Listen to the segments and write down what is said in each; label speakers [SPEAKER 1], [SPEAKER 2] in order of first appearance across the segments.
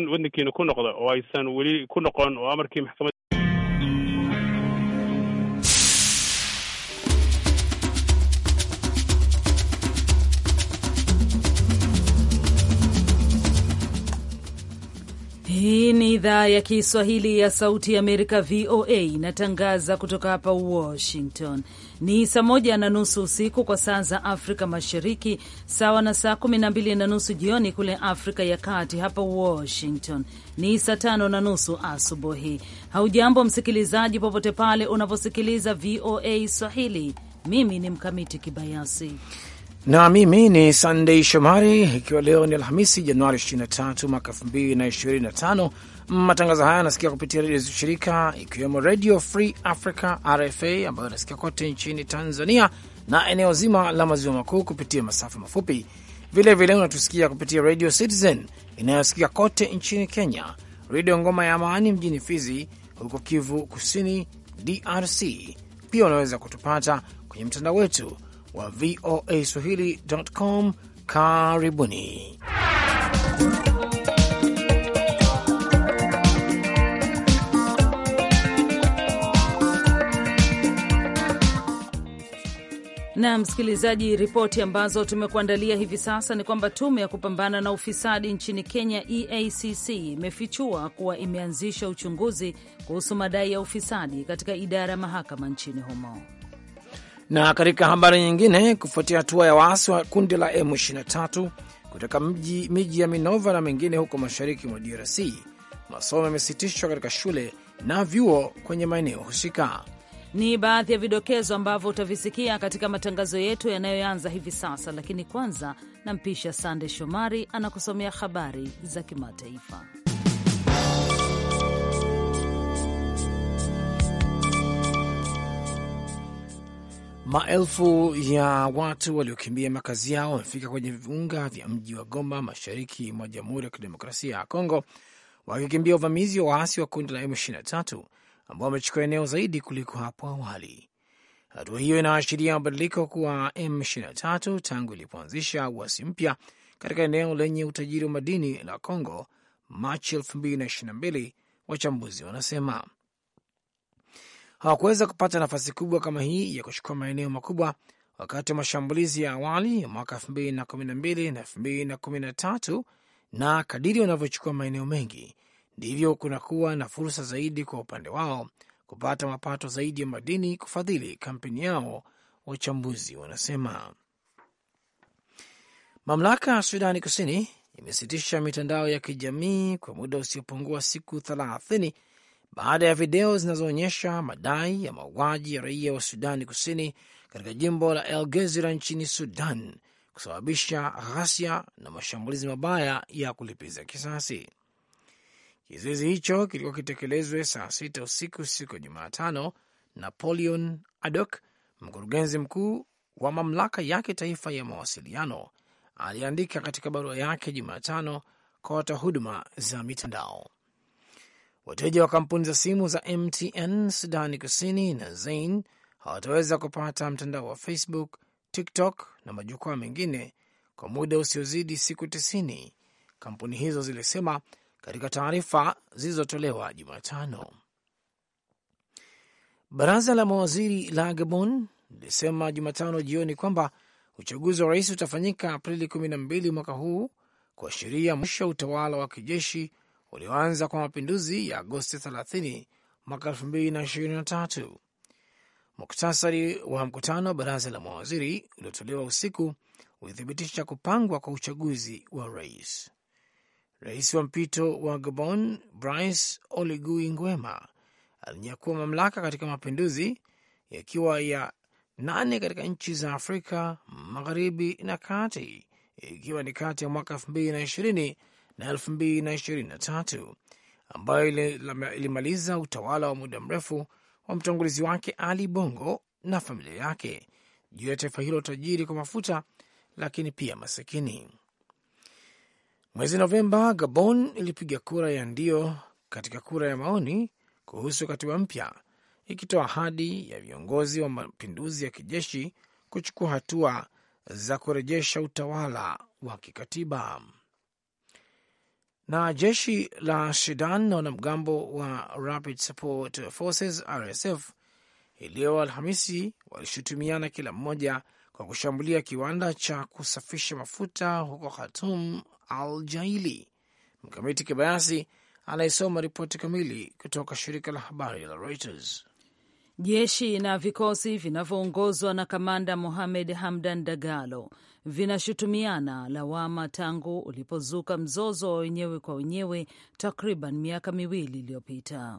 [SPEAKER 1] waddankiina ku noqda oo aysan weli ku noqon oo amarkii maxkamad
[SPEAKER 2] idhaa ya Kiswahili ya Sauti ya Amerika, VOA, inatangaza kutoka hapa Washington. Ni saa moja na nusu usiku kwa saa za Afrika Mashariki, sawa na saa kumi na mbili na nusu jioni kule Afrika ya Kati. Hapa Washington ni saa tano na nusu asubuhi. Haujambo msikilizaji, popote pale unaposikiliza VOA Swahili. Mimi ni Mkamiti Kibayasi
[SPEAKER 3] na mimi ni Sandei Shomari. Ikiwa leo ni Alhamisi, Januari 23 mwaka 2025 Matangazo haya yanasikia kupitia redio za shirika ikiwemo Redio Free Africa RFA ambayo inasikia kote nchini Tanzania na eneo zima la maziwa makuu kupitia masafa mafupi. Vilevile unatusikia kupitia Radio Citizen inayosikia kote nchini Kenya, Redio Ngoma ya Amani mjini Fizi huko Kivu Kusini, DRC. Pia unaweza kutupata kwenye mtandao wetu wa VOA Swahili.com. Karibuni.
[SPEAKER 2] Na msikilizaji, ripoti ambazo tumekuandalia hivi sasa ni kwamba tume ya kupambana na ufisadi nchini Kenya, EACC, imefichua kuwa imeanzisha uchunguzi kuhusu madai ya ufisadi katika idara ya mahakama nchini humo.
[SPEAKER 3] Na katika habari nyingine, kufuatia hatua ya waasi wa kundi la M23 kutoka miji, miji ya Minova na mengine huko mashariki mwa DRC, masomo yamesitishwa katika shule na vyuo kwenye maeneo husika.
[SPEAKER 2] Ni baadhi ya vidokezo ambavyo utavisikia katika matangazo yetu yanayoanza hivi sasa, lakini kwanza nampisha Sande Shomari anakusomea habari za kimataifa.
[SPEAKER 3] Maelfu ya watu waliokimbia makazi yao wamefika kwenye viunga vya mji wa Goma, mashariki mwa Jamhuri ya Kidemokrasia ya Kongo, wakikimbia uvamizi wa waasi wa kundi la M23 ambao wamechukua eneo zaidi kuliko hapo awali. Hatua hiyo inaashiria mabadiliko kuwa M23 tangu ilipoanzisha uasi mpya katika eneo lenye utajiri wa madini la Congo Machi 2022. Wachambuzi wanasema hawakuweza kupata nafasi kubwa kama hii ya kuchukua maeneo makubwa wakati wa mashambulizi ya awali ya mwaka 2012 na 2013, na kadiri wanavyochukua maeneo mengi ndivyo kunakuwa na fursa zaidi kwa upande wao kupata mapato zaidi ya madini kufadhili kampeni yao, wachambuzi wanasema. Mamlaka ya Sudani Kusini imesitisha mitandao ya kijamii kwa muda usiopungua siku thelathini baada ya video zinazoonyesha madai ya mauaji ya raia wa Sudani Kusini katika jimbo la El Gezira nchini Sudan kusababisha ghasia na mashambulizi mabaya ya kulipiza kisasi. Kizuizi hicho kilikuwa kitekelezwe saa sita usiku siku ya Jumatano Napoleon Adok, mkurugenzi mkuu wa mamlaka yake taifa ya mawasiliano, aliandika katika barua yake Jumatano kwa watoa huduma za mitandao. Wateja wa kampuni za simu za MTN Sudani Kusini na Zain hawataweza kupata mtandao wa Facebook, TikTok na majukwaa mengine kwa muda usiozidi siku tisini, kampuni hizo zilisema katika taarifa zilizotolewa Jumatano. Baraza la mawaziri la Gabon lilisema Jumatano jioni kwamba uchaguzi wa rais utafanyika Aprili 12 mwaka huu, kuashiria mwisho utawala wa kijeshi ulioanza kwa mapinduzi ya Agosti 30 mwaka 2023. Muktasari wa mkutano wa baraza la mawaziri uliotolewa usiku ulithibitisha kupangwa kwa uchaguzi wa rais. Rais wa mpito wa Gabon Brice Oligui Nguema alinyakua mamlaka katika mapinduzi yakiwa ya nane katika nchi za Afrika magharibi na kati, ikiwa ni kati ya mwaka elfu mbili na ishirini na elfu mbili na ishirini na tatu ambayo ilimaliza utawala wa muda mrefu wa mtangulizi wake Ali Bongo na familia yake juu ya taifa hilo tajiri kwa mafuta lakini pia masikini. Mwezi Novemba, Gabon ilipiga kura ya ndio katika kura ya maoni kuhusu katiba mpya, ikitoa ahadi ya viongozi wa mapinduzi ya kijeshi kuchukua hatua za kurejesha utawala wa kikatiba. Na jeshi la Sudan na wanamgambo wa Rapid Support Forces RSF iliyo Alhamisi walishutumiana kila mmoja kwa kushambulia kiwanda cha kusafisha mafuta huko Khartoum, Al Jaili. Mkamiti Kibayasi anayesoma ripoti kamili kutoka shirika la habari la Reuters.
[SPEAKER 2] Jeshi na vikosi vinavyoongozwa na kamanda Mohamed Hamdan Dagalo vinashutumiana lawama tangu ulipozuka mzozo wa wenyewe kwa wenyewe takriban miaka miwili iliyopita.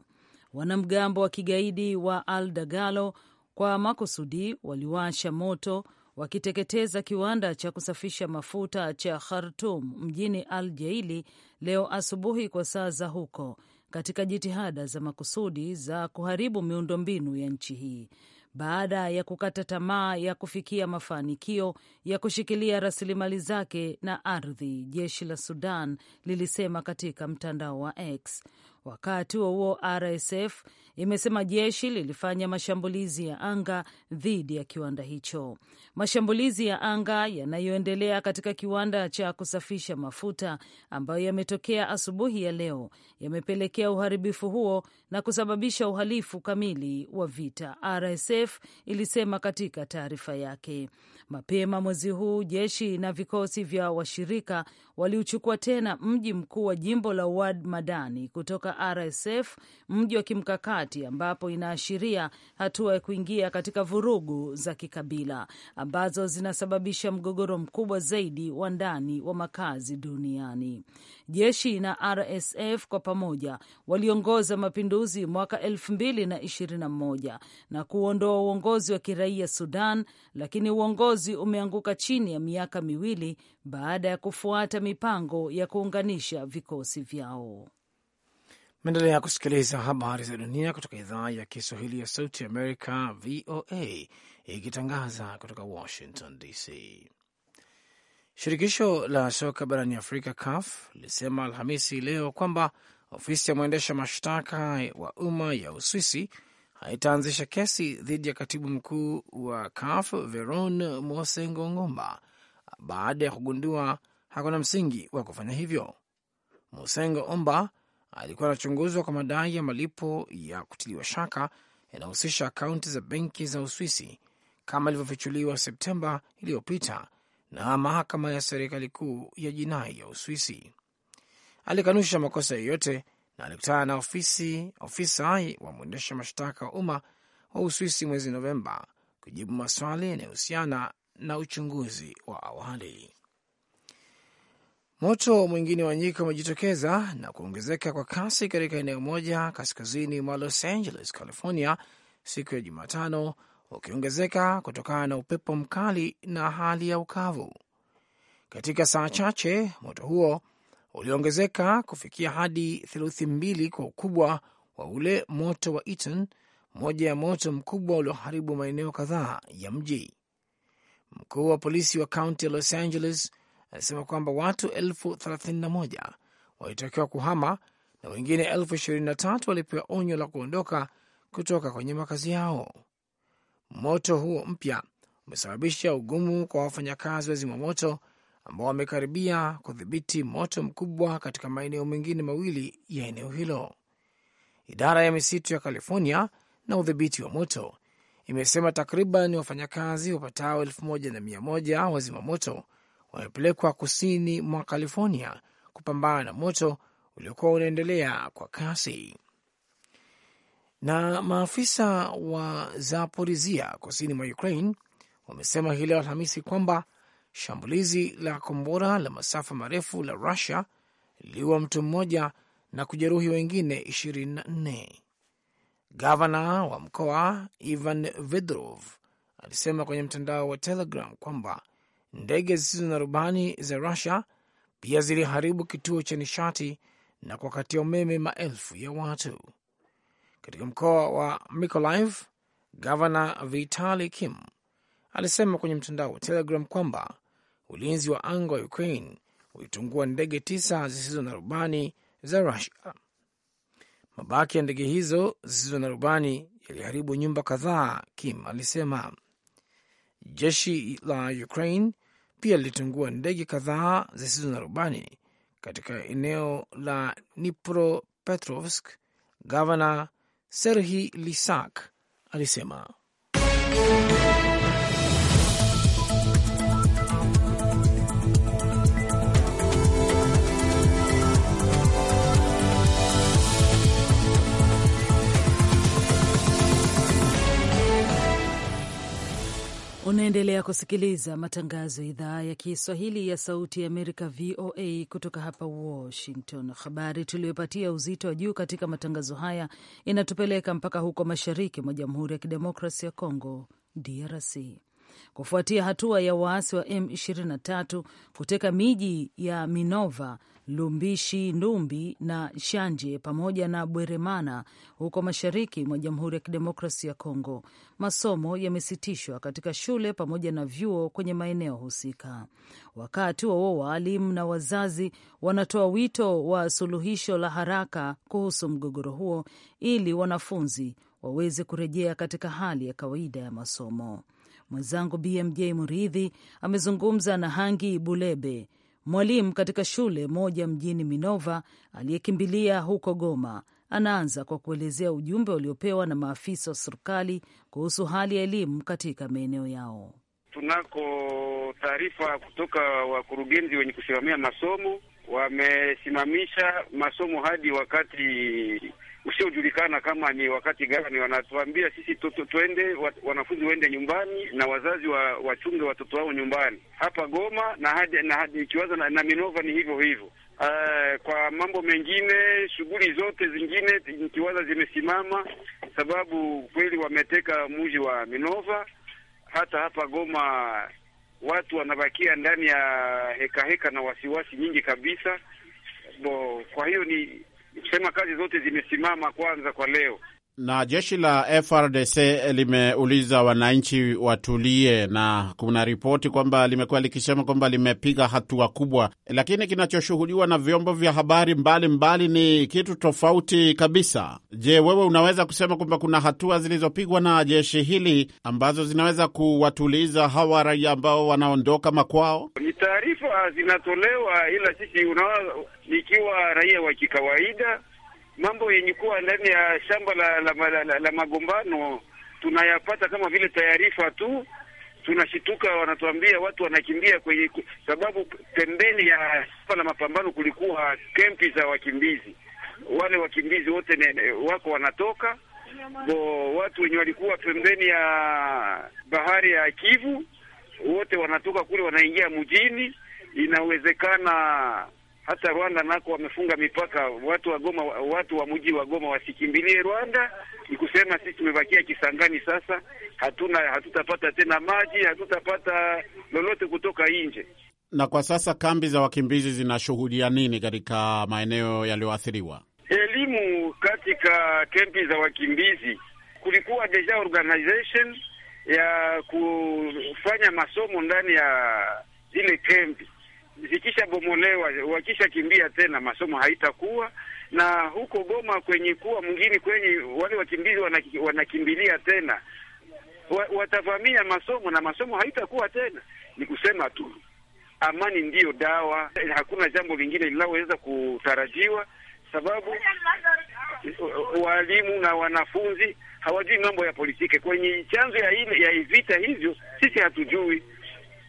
[SPEAKER 2] Wanamgambo wa kigaidi wa Al Dagalo kwa makusudi waliwasha moto wakiteketeza kiwanda cha kusafisha mafuta cha Khartum mjini Al Jeili leo asubuhi kwa saa za huko katika jitihada za makusudi za kuharibu miundombinu ya nchi hii. Baada ya kukata tamaa ya kufikia mafanikio ya kushikilia rasilimali zake na ardhi, jeshi la Sudan lilisema katika mtandao wa X Wakati wa huo RSF imesema jeshi lilifanya mashambulizi ya anga dhidi ya kiwanda hicho. Mashambulizi ya anga yanayoendelea katika kiwanda cha kusafisha mafuta ambayo yametokea asubuhi ya leo yamepelekea uharibifu huo na kusababisha uhalifu kamili wa vita, RSF ilisema katika taarifa yake. Mapema mwezi huu jeshi na vikosi vya washirika waliuchukua tena mji mkuu wa jimbo la Wad Madani kutoka RSF, mji wa kimkakati ambapo inaashiria hatua ya kuingia katika vurugu za kikabila ambazo zinasababisha mgogoro mkubwa zaidi wa ndani wa makazi duniani. Jeshi na RSF kwa pamoja waliongoza mapinduzi mwaka elfu na na na kuondoa uongozi wa kiraia Sudan, lakini uongozi uongozi umeanguka chini ya miaka miwili baada ya kufuata mipango ya kuunganisha vikosi vyao.
[SPEAKER 3] Maendelea kusikiliza habari za dunia kutoka idhaa ya Kiswahili ya Sauti ya Amerika, VOA, ikitangaza kutoka Washington DC. Shirikisho la soka barani Afrika, CAF, lilisema Alhamisi leo kwamba ofisi ya mwendesha mashtaka wa umma ya Uswisi itaanzisha kesi dhidi ya katibu mkuu wa CAF Veron mosengongomba baada ya kugundua hakuna msingi wa kufanya hivyo. Mosengo Omba alikuwa anachunguzwa kwa madai ya malipo ya kutiliwa shaka yanahusisha akaunti za benki za Uswisi kama ilivyofichuliwa Septemba iliyopita na mahakama ya serikali kuu ya jinai ya Uswisi. Alikanusha makosa yoyote na alikutana na ofisi ofisa wa mwendesha mashtaka wa umma wa Uswisi mwezi Novemba kujibu maswali yanayohusiana na uchunguzi wa awali. Moto mwingine wa nyika umejitokeza na kuongezeka kwa kasi katika eneo moja kaskazini mwa Los Angeles, California, siku ya Jumatano, ukiongezeka kutokana na upepo mkali na hali ya ukavu. Katika saa chache moto huo uliongezeka kufikia hadi theluthi mbili kwa ukubwa wa ule moto wa Eaton, moja ya moto mkubwa ulioharibu maeneo kadhaa ya mji. Mkuu wa polisi wa kaunti ya Los Angeles anasema kwamba watu elfu thelathini na moja walitakiwa kuhama na wengine elfu ishirini na tatu walipewa onyo la kuondoka kutoka kwenye makazi yao. Moto huo mpya umesababisha ugumu kwa wafanyakazi wa zimamoto ambao wamekaribia kudhibiti moto mkubwa katika maeneo mengine mawili ya eneo hilo. Idara ya misitu ya California na udhibiti wa moto imesema takriban wafanyakazi wapatao elfu moja na mia moja wamepelekwa kusini mwa California kupambana na moto uliokuwa unaendelea kwa kasi. Na maafisa wa Zaporizia kusini mwa Ukraine wamesema hii leo Alhamisi kwamba Shambulizi la kombora la masafa marefu la Rusia liliua mtu mmoja na kujeruhi wengine 24. Gavana wa mkoa Ivan Vedrov alisema kwenye mtandao wa Telegram kwamba ndege zisizo na rubani za Rusia pia ziliharibu kituo cha nishati na kuwakatia umeme maelfu ya watu. Katika mkoa wa Mikolaiv. gavana Vitali Kim alisema kwenye mtandao wa Telegram kwamba ulinzi wa anga wa Ukraine ulitungua ndege tisa zisizo na rubani za Rusia. Mabaki ya ndege hizo zisizo na rubani yaliharibu nyumba kadhaa, Kim alisema. Jeshi la Ukraine pia lilitungua ndege kadhaa zisizo na rubani katika eneo la Dnipropetrovsk, gavana Serhi Lisak alisema.
[SPEAKER 2] Unaendelea kusikiliza matangazo ya idhaa ya Kiswahili ya Sauti ya Amerika, VOA, kutoka hapa Washington. Habari tuliyopatia uzito wa juu katika matangazo haya inatupeleka mpaka huko mashariki mwa Jamhuri ya Kidemokrasi ya congo DRC, kufuatia hatua ya waasi wa M23 kuteka miji ya Minova Lumbishi, Ndumbi na Shanje pamoja na Bweremana huko mashariki mwa Jamhuri ya Kidemokrasi ya Kongo. Masomo yamesitishwa katika shule pamoja na vyuo kwenye maeneo husika. Wakati wao waalimu na wazazi wanatoa wito wa suluhisho la haraka kuhusu mgogoro huo ili wanafunzi waweze kurejea katika hali ya kawaida ya masomo. Mwenzangu BMJ Muridhi amezungumza na Hangi Bulebe, mwalimu katika shule moja mjini Minova aliyekimbilia huko Goma. Anaanza kwa kuelezea ujumbe uliopewa na maafisa wa serikali kuhusu hali ya elimu katika maeneo yao.
[SPEAKER 1] Tunako taarifa kutoka wakurugenzi wenye kusimamia masomo, wamesimamisha masomo hadi wakati usiojulikana kama ni wakati gani. Wanatuambia sisi tu, tu, tuende wat, wanafunzi waende nyumbani na wazazi wa, wachunge watoto wao nyumbani hapa Goma na hadi, na hadi ikiwaza na, na Minova ni hivyo hivyo. Uh, kwa mambo mengine shughuli zote zingine nikiwaza zimesimama, sababu kweli wameteka mji wa Minova. Hata hapa Goma watu wanabakia ndani ya hekaheka heka na wasiwasi nyingi kabisa bo, kwa hiyo ni kusema kazi zote zimesimama kwanza kwa leo na jeshi la FRDC limeuliza wananchi watulie, na kuna ripoti kwamba limekuwa likisema kwamba limepiga hatua kubwa, lakini kinachoshuhudiwa na vyombo vya habari mbalimbali mbali ni kitu tofauti kabisa. Je, wewe unaweza kusema kwamba kuna hatua zilizopigwa na jeshi hili ambazo zinaweza kuwatuliza hawa raia ambao wanaondoka makwao? Ni taarifa zinatolewa, ila sisi unawa nikiwa raia wa kikawaida, mambo yenye kuwa ndani ya shamba la, la, la, la, la magombano tunayapata kama vile taarifa tu, tunashituka. Wanatuambia watu wanakimbia kwenye, sababu pembeni ya shamba la mapambano kulikuwa kempi za wakimbizi. Wale wakimbizi wote ne, wako wanatoka bo, watu wenye walikuwa pembeni ya bahari ya Kivu wote wanatoka kule, wanaingia mjini. Inawezekana hata Rwanda nako wamefunga mipaka. Watu wa Goma, watu wa mji wa Goma wasikimbilie Rwanda. Ni kusema sisi tumebakia Kisangani, sasa hatuna, hatutapata tena maji, hatutapata lolote kutoka nje. Na kwa sasa kambi za wakimbizi zinashuhudia nini katika maeneo yaliyoathiriwa? Elimu katika kambi za wakimbizi, kulikuwa deja organization ya kufanya masomo ndani ya zile kambi zikishabomolewa, wakishakimbia tena masomo haitakuwa na huko Goma kwenye kuwa mwingine kwenye wale wakimbizi wanakimbilia tena wa, watavamia masomo na masomo haitakuwa tena. Ni kusema tu amani ndiyo dawa, hakuna jambo lingine linaloweza kutarajiwa, sababu walimu na wanafunzi hawajui mambo ya politiki kwenye chanzo ya, ya vita hivyo, sisi hatujui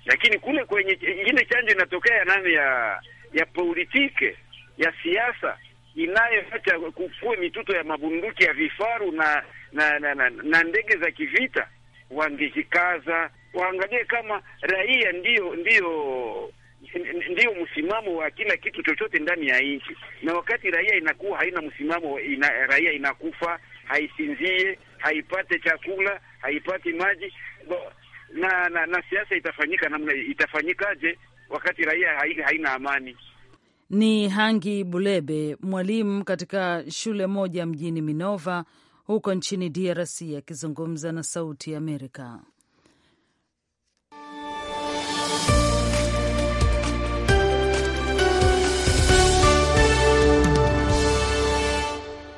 [SPEAKER 1] lakini kule kwenye ile chanjo inatokea ya nani, ya ya politike ya siasa inayoacha kukue mituto ya mabunduki ya vifaru na na, na, na, na ndege za kivita. Wangejikaza waangalie kama raia ndiyo ndio ndio msimamo wa kila kitu chochote ndani ya nchi, na wakati raia inakuwa haina msimamo ina, raia inakufa, haisinzie, haipate chakula, haipati maji na, na, na siasa itafanyika namna, itafanyikaje wakati raia haina amani?
[SPEAKER 2] Ni Hangi Bulebe, mwalimu katika shule moja mjini Minova huko nchini DRC, akizungumza na Sauti ya Amerika.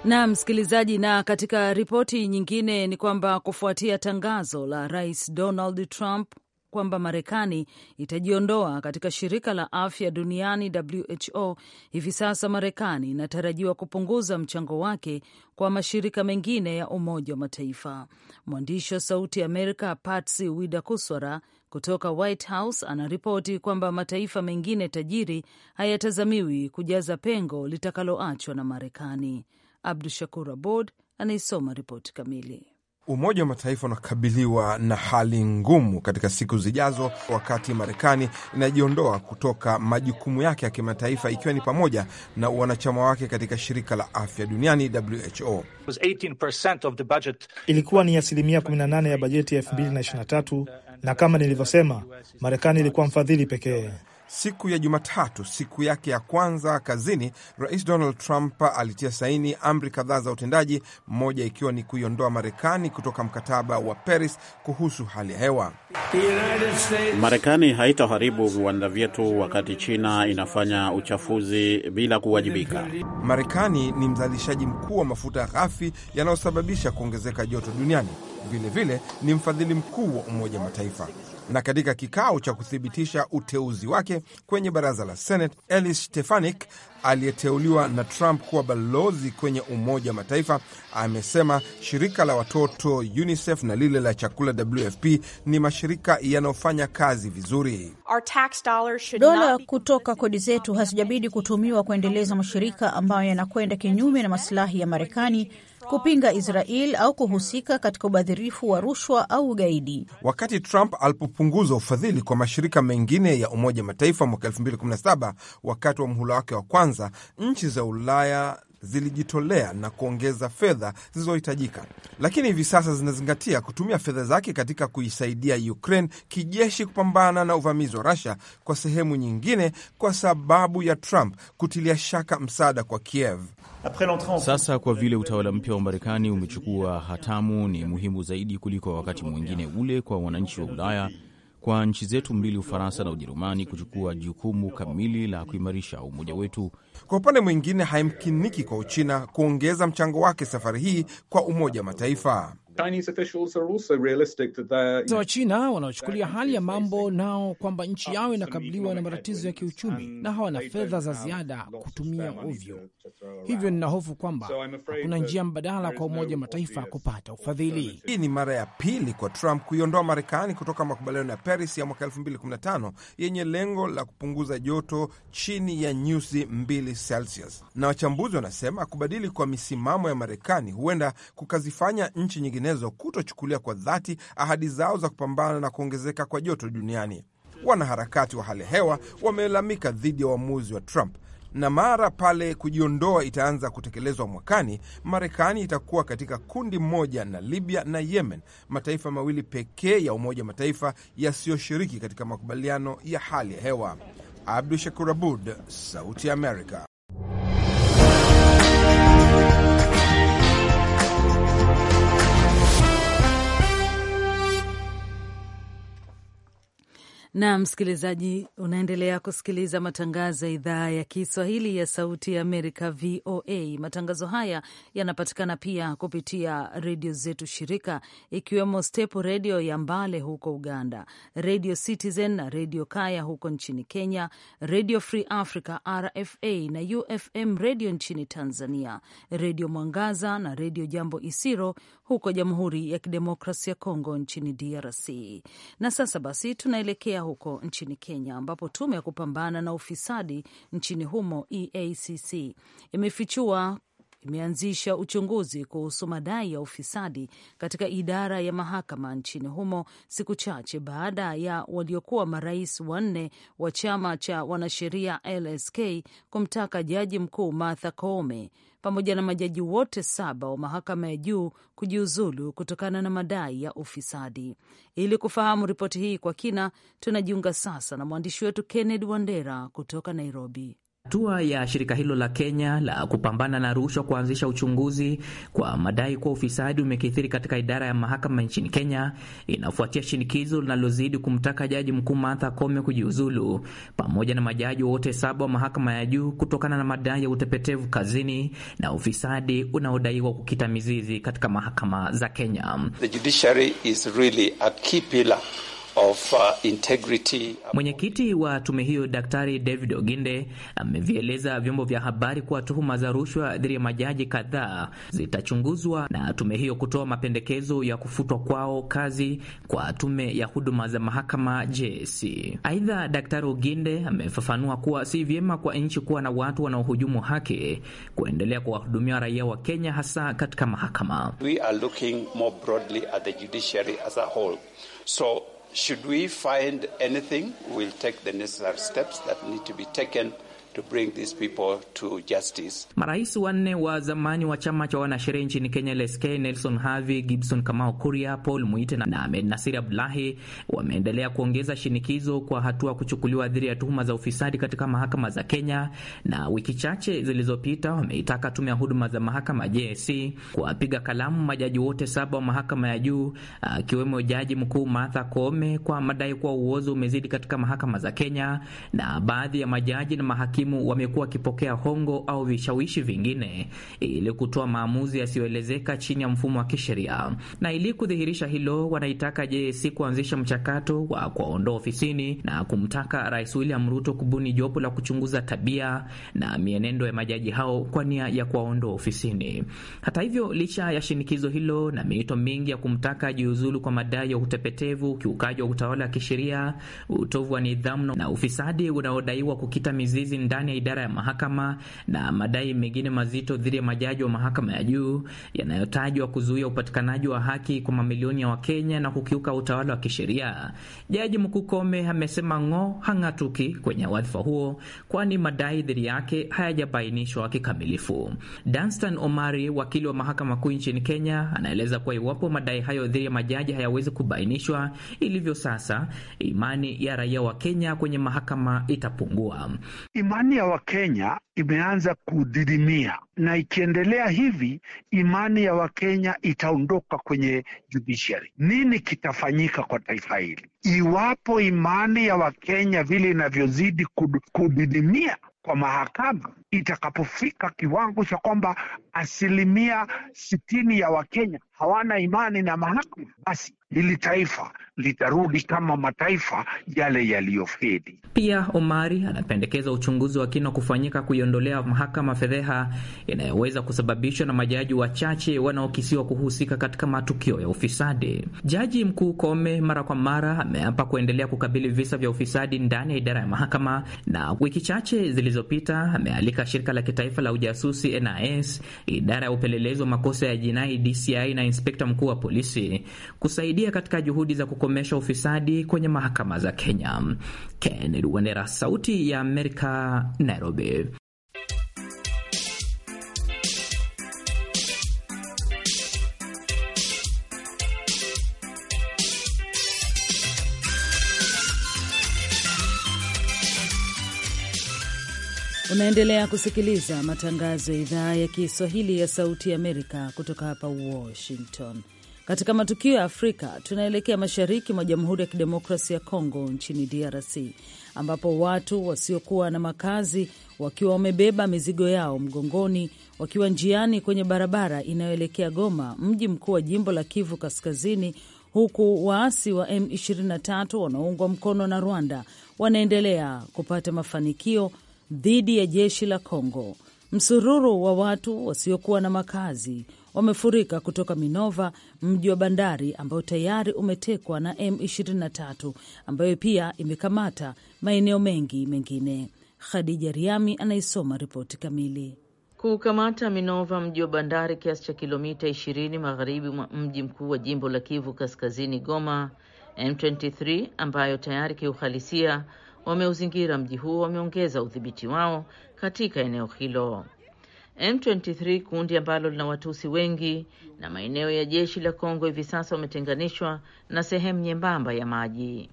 [SPEAKER 2] Na msikilizaji, na katika ripoti nyingine ni kwamba kufuatia tangazo la Rais Donald Trump kwamba Marekani itajiondoa katika shirika la afya duniani WHO, hivi sasa Marekani inatarajiwa kupunguza mchango wake kwa mashirika mengine ya Umoja wa Mataifa. Mwandishi wa Sauti Amerika Patsy Widakuswara kutoka White House anaripoti kwamba mataifa mengine tajiri hayatazamiwi kujaza pengo litakaloachwa na Marekani. Abdu Shakur Abod anaisoma ripoti kamili.
[SPEAKER 4] Umoja wa Mataifa unakabiliwa na hali ngumu katika siku zijazo, wakati Marekani inajiondoa kutoka majukumu yake ya kimataifa, ikiwa ni pamoja na wanachama wake katika shirika la afya duniani WHO.
[SPEAKER 2] Ilikuwa ni asilimia 18 ya bajeti ya 2023 na kama nilivyosema, Marekani ilikuwa mfadhili pekee.
[SPEAKER 4] Siku ya Jumatatu, siku yake ya kwanza kazini, Rais Donald Trump alitia saini amri kadhaa za utendaji, mmoja ikiwa ni kuiondoa Marekani kutoka mkataba wa Paris kuhusu hali ya hewa.
[SPEAKER 1] Marekani haitaharibu viwanda vyetu wakati China inafanya uchafuzi bila kuwajibika.
[SPEAKER 4] Marekani ni mzalishaji mkuu wa mafuta ghafi yanayosababisha kuongezeka joto duniani, vilevile vile, ni mfadhili mkuu wa Umoja wa Mataifa na katika kikao cha kuthibitisha uteuzi wake kwenye baraza la Senate, Elise Stefanik aliyeteuliwa na Trump kuwa balozi kwenye Umoja wa Mataifa amesema shirika la watoto UNICEF na lile la chakula WFP ni mashirika yanayofanya kazi vizuri.
[SPEAKER 5] Dola kutoka kodi zetu hazijabidi kutumiwa kuendeleza mashirika ambayo yanakwenda kinyume na masilahi ya Marekani kupinga Israel au kuhusika katika ubadhirifu wa rushwa au ugaidi.
[SPEAKER 4] Wakati Trump alipopunguza ufadhili kwa mashirika mengine ya Umoja Mataifa mwaka 2017 wakati wa mhula wake wa kwanza, nchi za Ulaya zilijitolea na kuongeza fedha zilizohitajika, lakini hivi sasa zinazingatia kutumia fedha zake katika kuisaidia Ukraine kijeshi kupambana na uvamizi wa Russia, kwa sehemu nyingine kwa sababu ya Trump kutilia shaka msaada kwa Kiev.
[SPEAKER 3] Sasa kwa vile utawala mpya wa Marekani umechukua hatamu, ni muhimu zaidi kuliko wakati mwingine ule kwa wananchi wa Ulaya kwa nchi zetu mbili, Ufaransa na Ujerumani, kuchukua
[SPEAKER 4] jukumu kamili la kuimarisha umoja wetu. Kwa upande mwingine, haimkiniki kwa Uchina kuongeza mchango wake safari hii kwa Umoja wa Mataifa so Wachina
[SPEAKER 3] wanaochukulia hali ya mambo nao kwamba nchi yao inakabiliwa na matatizo ya kiuchumi na hawana fedha za ziada kutumia ovyo. Hivyo nina hofu kwamba hakuna njia mbadala kwa Umoja wa Mataifa kupata ufadhili.
[SPEAKER 4] Hii ni mara ya pili kwa Trump kuiondoa Marekani kutoka makubaliano ya Paris ya mwaka 2015 yenye lengo la kupunguza joto chini ya nyuzi 2 Celsius, na wachambuzi wanasema kubadili kwa misimamo ya Marekani huenda kukazifanya nchi nyingine nyinginezo kutochukulia kwa dhati ahadi zao za kupambana na kuongezeka kwa joto duniani. Wanaharakati wa hali hewa wamelalamika dhidi ya uamuzi wa Trump na mara pale kujiondoa itaanza kutekelezwa mwakani, Marekani itakuwa katika kundi moja na Libya na Yemen, mataifa mawili pekee ya Umoja wa Mataifa yasiyoshiriki katika makubaliano ya hali ya hewa. Abdu Shakur Abud, Sauti ya Amerika.
[SPEAKER 2] Na msikilizaji, unaendelea kusikiliza matangazo ya idhaa ya Kiswahili ya Sauti ya Amerika, VOA. Matangazo haya yanapatikana pia kupitia redio zetu shirika, ikiwemo Step Redio ya Mbale huko Uganda, Redio Citizen na Redio Kaya huko nchini Kenya, Redio Free Africa, RFA na UFM Redio nchini Tanzania, Redio Mwangaza na Redio Jambo Isiro huko Jamhuri ya Kidemokrasia ya Kongo nchini DRC. Na sasa basi tunaelekea huko nchini Kenya, ambapo tume ya kupambana na ufisadi nchini humo EACC imefichua imeanzisha uchunguzi kuhusu madai ya ufisadi katika idara ya mahakama nchini humo siku chache baada ya waliokuwa marais wanne wa chama cha wanasheria LSK kumtaka jaji mkuu Martha Koome pamoja na majaji wote saba wa mahakama ya juu kujiuzulu kutokana na madai ya ufisadi. Ili kufahamu ripoti hii kwa kina, tunajiunga sasa na mwandishi wetu Kennedy Wandera kutoka Nairobi.
[SPEAKER 6] Hatua ya shirika hilo la Kenya la kupambana na rushwa kuanzisha uchunguzi kwa madai kuwa ufisadi umekithiri katika idara ya mahakama nchini Kenya inafuatia shinikizo linalozidi kumtaka jaji mkuu Martha Koome kujiuzulu pamoja na majaji wote saba wa mahakama ya juu kutokana na madai ya utepetevu kazini na ufisadi unaodaiwa kukita mizizi katika mahakama za Kenya.
[SPEAKER 1] The judiciary is really a key pillar of, uh, integrity.
[SPEAKER 6] Mwenyekiti wa tume hiyo Daktari David Oginde amevieleza vyombo vya habari kuwa tuhuma za rushwa dhidi ya majaji kadhaa zitachunguzwa na tume hiyo kutoa mapendekezo ya kufutwa kwao kazi kwa tume ya huduma za mahakama JSC. Aidha, Daktari Oginde amefafanua kuwa si vyema kwa nchi kuwa na watu wanaohujumu haki kuendelea kuwahudumia raia wa Kenya hasa katika mahakama.
[SPEAKER 1] We are looking more broadly at the judiciary as a whole. So Should we find anything, we'll take the necessary steps that need to be taken to bring these people to justice.
[SPEAKER 6] Marais wanne wa zamani wa chama cha wanasheria nchini Kenya LSK, Nelson Havi, Gibson Kamau Kuria, Paul Muite na Ahmed Nasir Abdullahi wameendelea kuongeza shinikizo kwa hatua kuchukuliwa dhidi ya tuhuma za ufisadi katika mahakama za Kenya, na wiki chache zilizopita wameitaka tume ya huduma za mahakama JSC kuwapiga kalamu majaji wote saba wa mahakama ya juu akiwemo jaji mkuu Martha Koome kwa madai kuwa uozo umezidi katika mahakama za Kenya na baadhi ya majaji na mahakimu walimu wamekuwa wakipokea hongo au vishawishi vingine ili kutoa maamuzi yasiyoelezeka chini ya mfumo wa kisheria. Na ili kudhihirisha hilo, wanaitaka JSC kuanzisha mchakato wa kuwaondoa ofisini na kumtaka Rais William Ruto kubuni jopo la kuchunguza tabia na mienendo ya majaji hao kwa nia ya kuwaondoa ofisini. Hata hivyo, licha ya shinikizo hilo na miito mingi ya kumtaka jiuzulu kwa madai ya utepetevu, ukiukaji wa utawala wa kisheria, utovu wa nidhamu na ufisadi unaodaiwa kukita mizizi ndani ya idara ya mahakama na madai mengine mazito dhidi ya majaji wa mahakama ya juu yanayotajwa kuzuia upatikanaji wa haki kwa mamilioni ya Wakenya na kukiuka utawala wa kisheria. Jaji Mkuu Kome amesema Ng'o hang'atuki kwenye wadhifa huo, kwani madai dhidi yake hayajabainishwa kikamilifu. Danstan Omari, wakili wa mahakama kuu nchini Kenya, anaeleza kuwa iwapo madai hayo dhidi ya majaji hayawezi kubainishwa ilivyo sasa, imani ya raia wa Kenya kwenye mahakama itapungua Ima imani ya
[SPEAKER 1] Wakenya imeanza kudidimia, na ikiendelea hivi, imani ya Wakenya itaondoka kwenye judiciary. Nini kitafanyika kwa taifa hili iwapo imani ya Wakenya vile inavyozidi kudidimia kwa mahakama itakapofika kiwango cha kwamba asilimia sitini ya Wakenya hawana imani na mahakama, basi hili taifa litarudi kama mataifa yale yaliyofeli.
[SPEAKER 6] Pia Omari anapendekeza uchunguzi wa kina kufanyika kuiondolea mahakama fedheha inayoweza kusababishwa na majaji wachache wanaokisiwa kuhusika katika matukio ya ufisadi. Jaji mkuu Kome mara kwa mara ameapa kuendelea kukabili visa vya ufisadi ndani ya idara ya mahakama, na wiki chache zilizopita amealika shirika la kitaifa la ujasusi NIS, idara ya upelelezi wa makosa ya jinai DCI na inspekta mkuu wa polisi kusaidia katika juhudi za kuko kukomesha ufisadi kwenye mahakama za Kenya. Kennedy Wandera, Sauti ya Amerika, Nairobi.
[SPEAKER 2] Unaendelea kusikiliza matangazo ya idhaa ya Kiswahili ya Sauti ya Amerika kutoka hapa Washington. Katika matukio ya Afrika, tunaelekea mashariki mwa Jamhuri ya Kidemokrasia ya Kongo nchini DRC, ambapo watu wasiokuwa na makazi wakiwa wamebeba mizigo yao mgongoni, wakiwa njiani kwenye barabara inayoelekea Goma, mji mkuu wa jimbo la Kivu Kaskazini, huku waasi wa M23 wanaoungwa mkono na Rwanda wanaendelea kupata mafanikio dhidi ya jeshi la Kongo. Msururu wa watu wasiokuwa na makazi wamefurika kutoka Minova, mji wa bandari ambao tayari umetekwa na M23 ambayo pia imekamata maeneo mengi mengine. Khadija Riami anaisoma ripoti kamili. kukamata Minova,
[SPEAKER 5] mji wa bandari, kiasi cha kilomita 20 magharibi mwa mji mkuu wa jimbo la Kivu Kaskazini, Goma, M23 ambayo tayari kiuhalisia wameuzingira mji huo, wameongeza udhibiti wao katika eneo hilo. M23 kundi ambalo lina Watusi wengi na maeneo ya jeshi la Kongo hivi sasa wametenganishwa na sehemu nyembamba ya maji.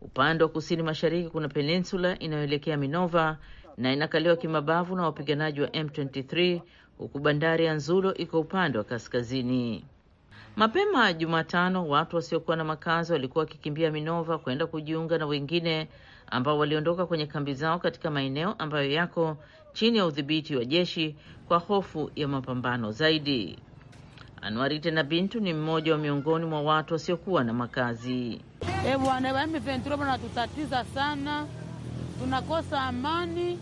[SPEAKER 5] Upande wa kusini mashariki kuna peninsula inayoelekea Minova na inakaliwa kimabavu na wapiganaji wa M23 huku bandari ya Nzulo iko upande wa kaskazini. Mapema Jumatano, watu wasiokuwa na makazi walikuwa wakikimbia Minova kwenda kujiunga na wengine ambao waliondoka kwenye kambi zao katika maeneo ambayo yako chini ya udhibiti wa jeshi kwa hofu ya mapambano zaidi. Anwari tena Bintu ni mmoja wa miongoni mwa watu wasiokuwa na makazi.
[SPEAKER 2] E bwana, wanatutatiza sana, tunakosa amani,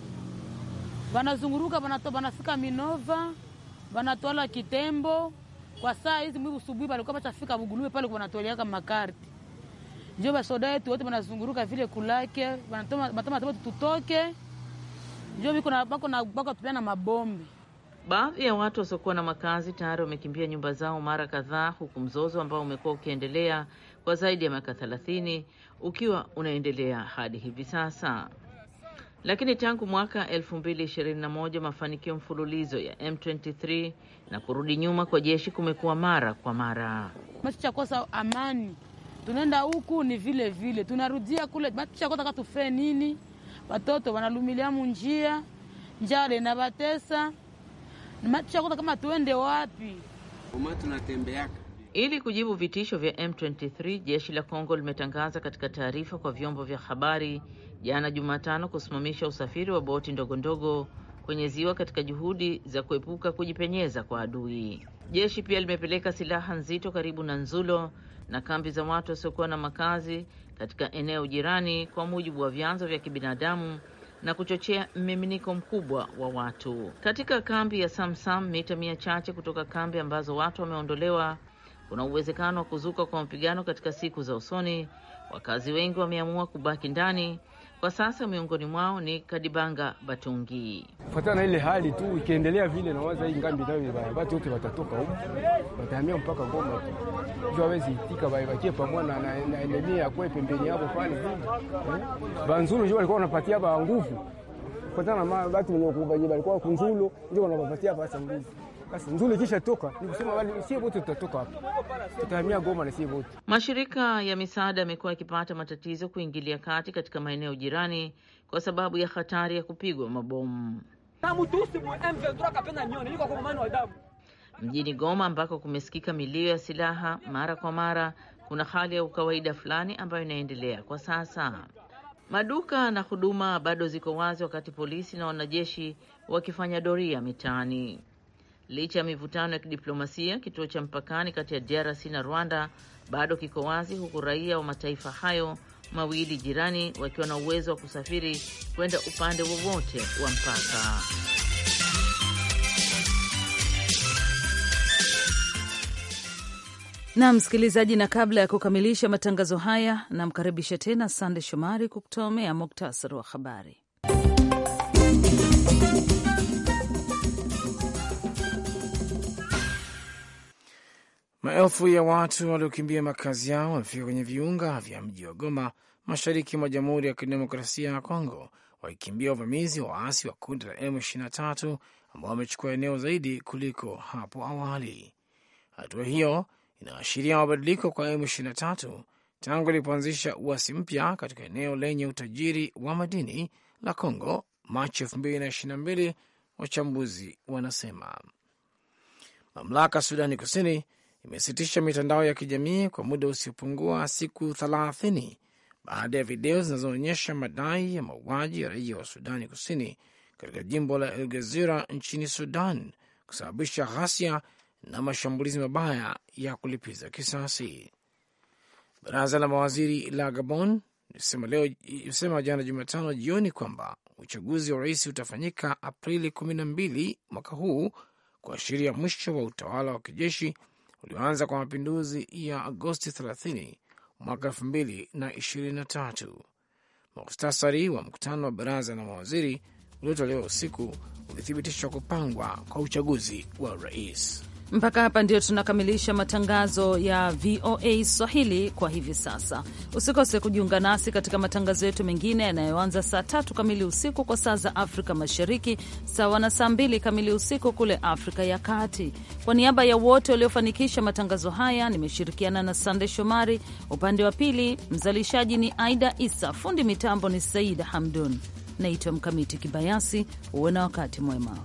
[SPEAKER 2] wanazunguruka, wanafika Minova, wanatwala Kitembo. Kwa saa hizi mwi usubuhi walikuwa wachafika Bugulume pale wanatoleaka makarti njo basoda yetu wote banazunguruka vile kulake banatoma tutoke, njo bako tupia na mabombe. Baadhi ya watu
[SPEAKER 5] wasiokuwa na makazi tayari wamekimbia nyumba zao mara kadhaa, huku mzozo ambao umekuwa ukiendelea kwa zaidi ya miaka thelathini ukiwa unaendelea hadi hivi sasa. Lakini tangu mwaka 2021 mafanikio mfululizo ya M23 na kurudi nyuma kwa jeshi kumekuwa mara kwa mara.
[SPEAKER 2] Meshakosa amani tunaenda huku ni vile vile, tunarudia kule batushakotaka tufee nini? Watoto wanalumilia munjia, njale na batesa batushakoa kama tuende wapi?
[SPEAKER 5] Uma tunatembeaka ili kujibu vitisho vya M23, jeshi la Kongo limetangaza katika taarifa kwa vyombo vya habari jana Jumatano kusimamisha usafiri wa boti ndogondogo kwenye ziwa katika juhudi za kuepuka kujipenyeza kwa adui. Jeshi pia limepeleka silaha nzito karibu na Nzulo na kambi za watu wasiokuwa na makazi katika eneo jirani, kwa mujibu wa vyanzo vya kibinadamu na kuchochea mmiminiko mkubwa wa watu katika kambi ya Samsam, mita mia chache kutoka kambi ambazo watu wameondolewa. Kuna uwezekano wa kuzuka kwa mapigano katika siku za usoni. Wakazi wengi wameamua kubaki ndani kwa sasa miongoni mwao ni Kadibanga Batungi.
[SPEAKER 4] Kufuatana na ile hali tu ikiendelea vile, nawaza hii ngambi nayo watu wote watatoka huko, watahamia mpaka Goma tu, awezi itika, waivakie pamoja na enemy yakwe pembeni yao pale. Banzulu jua walikuwa wanapatia ba nguvu, kufuatana na watu wenye walikuwa kunzulu, njo wanapatia pasa nguvu basi nzuri ni kusema wote tutatoka hapa. Tutahamia Goma na wote.
[SPEAKER 5] Mashirika ya misaada yamekuwa yakipata matatizo kuingilia kati katika maeneo jirani kwa sababu ya hatari ya kupigwa mabomu. Mjini Goma ambako kumesikika milio ya silaha mara kwa mara, kuna hali ya ukawaida fulani ambayo inaendelea kwa sasa. Maduka na huduma bado ziko wazi, wakati polisi na wanajeshi wakifanya doria mitaani. Licha ya mivutano ya kidiplomasia, kituo cha mpakani kati ya DRC na Rwanda bado kiko wazi, huku raia wa mataifa hayo mawili jirani wakiwa na uwezo wa kusafiri kwenda upande wowote wa mpaka.
[SPEAKER 2] na msikilizaji, na kabla ya kukamilisha matangazo haya, namkaribisha tena Sande Shomari kukutomea muktasari wa habari.
[SPEAKER 3] Maelfu ya watu waliokimbia makazi yao wamefika kwenye viunga vya mji wa Goma, mashariki mwa Jamhuri ya Kidemokrasia ya Kongo, wakikimbia uvamizi wa waasi wa kundi la M23 ambao wamechukua eneo zaidi kuliko hapo awali. Hatua hiyo inaashiria mabadiliko kwa M23 tangu ilipoanzisha uasi mpya katika eneo lenye utajiri wa madini la congo Machi 2022, wachambuzi wanasema. Mamlaka Sudani Kusini imesitisha mitandao ya kijamii kwa muda usiopungua siku thelathini baada ya video zinazoonyesha madai ya mauaji ya raia wa Sudani Kusini katika jimbo la El Gezira nchini Sudan kusababisha ghasia na mashambulizi mabaya ya kulipiza kisasi. Baraza la mawaziri la Gabon limesema jana Jumatano jioni kwamba uchaguzi wa rais utafanyika Aprili kumi na mbili mwaka huu, kuashiria mwisho wa utawala wa kijeshi ulioanza kwa mapinduzi ya Agosti 30 mwaka 2023. Muktasari wa mkutano wa baraza la mawaziri uliotolewa usiku ulithibitishwa kupangwa kwa uchaguzi wa rais.
[SPEAKER 2] Mpaka hapa ndio tunakamilisha matangazo ya VOA Swahili kwa hivi sasa. Usikose kujiunga nasi katika matangazo yetu mengine yanayoanza saa tatu kamili usiku kwa saa za Afrika Mashariki, sawa na saa mbili kamili usiku kule Afrika ya Kati. Kwa niaba ya wote waliofanikisha matangazo haya, nimeshirikiana na Sande Shomari upande wa pili, mzalishaji ni Aida Isa, fundi mitambo ni Saida Hamdun. Naitwa Mkamiti Kibayasi. Uwe na wakati mwema.